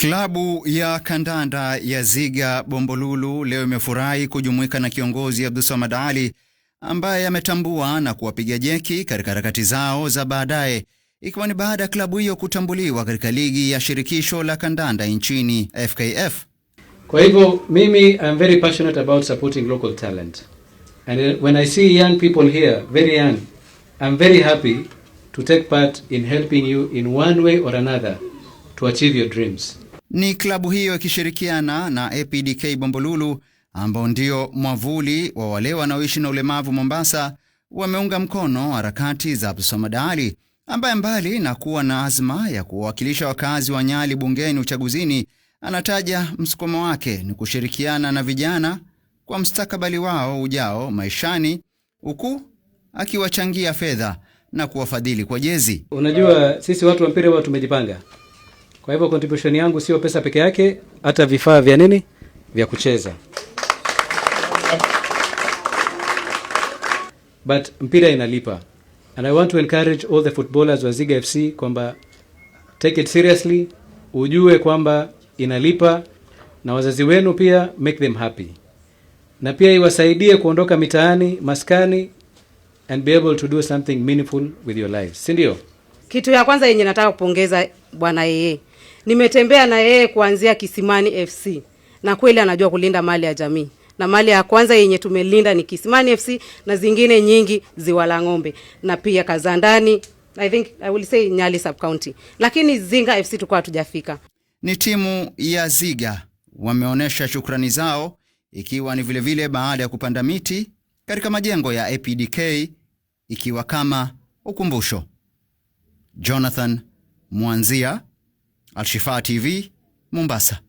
Klabu ya kandanda ya Ziga Bombolulu leo imefurahi kujumuika na kiongozi Abdulswamad Ali ambaye ametambua na kuwapiga jeki katika harakati zao za baadaye, ikiwa ni baada ya klabu hiyo kutambuliwa katika ligi ya shirikisho la kandanda nchini FKF. Kwa hivyo mimi I'm very passionate about supporting local talent and uh, when I see young people here very young I'm very happy to take part in helping you in one way or another to achieve your dreams. Ni klabu hiyo ikishirikiana na APDK Bombolulu ambao ndio mwavuli wa wale wanaoishi na ulemavu Mombasa, wameunga mkono harakati za Abdulswamad ambaye mbali na kuwa na azma ya kuwawakilisha wakazi wa Nyali bungeni uchaguzini, anataja msukumo wake ni kushirikiana na vijana kwa mstakabali wao ujao maishani, huku akiwachangia fedha na kuwafadhili kwa jezi. Unajua sisi watu wa mpira huwa tumejipanga kwa hivyo contribution yangu sio pesa peke yake, hata vifaa vya nini vya kucheza. But mpira inalipa and I want to encourage all the footballers wa Ziga FC kwamba take it seriously, ujue kwamba inalipa na wazazi wenu pia make them happy, na pia iwasaidie kuondoka mitaani maskani and be able to do something meaningful with your lives, si ndio? Kitu ya kwanza yenye nataka kupongeza bwana yeye Nimetembea na yeye kuanzia Kisimani FC na kweli anajua kulinda mali ya jamii na mali ya kwanza yenye tumelinda ni Kisimani FC na zingine nyingi Ziwa la Ng'ombe na pia Kazandani, I think I will say Nyali sub county, lakini Zinga FC tulikuwa hatujafika. Ni timu ya Ziga wameonyesha shukrani zao, ikiwa ni vilevile vile baada ya kupanda miti katika majengo ya APDK ikiwa kama ukumbusho. Jonathan Mwanzia Alshifa TV Mombasa.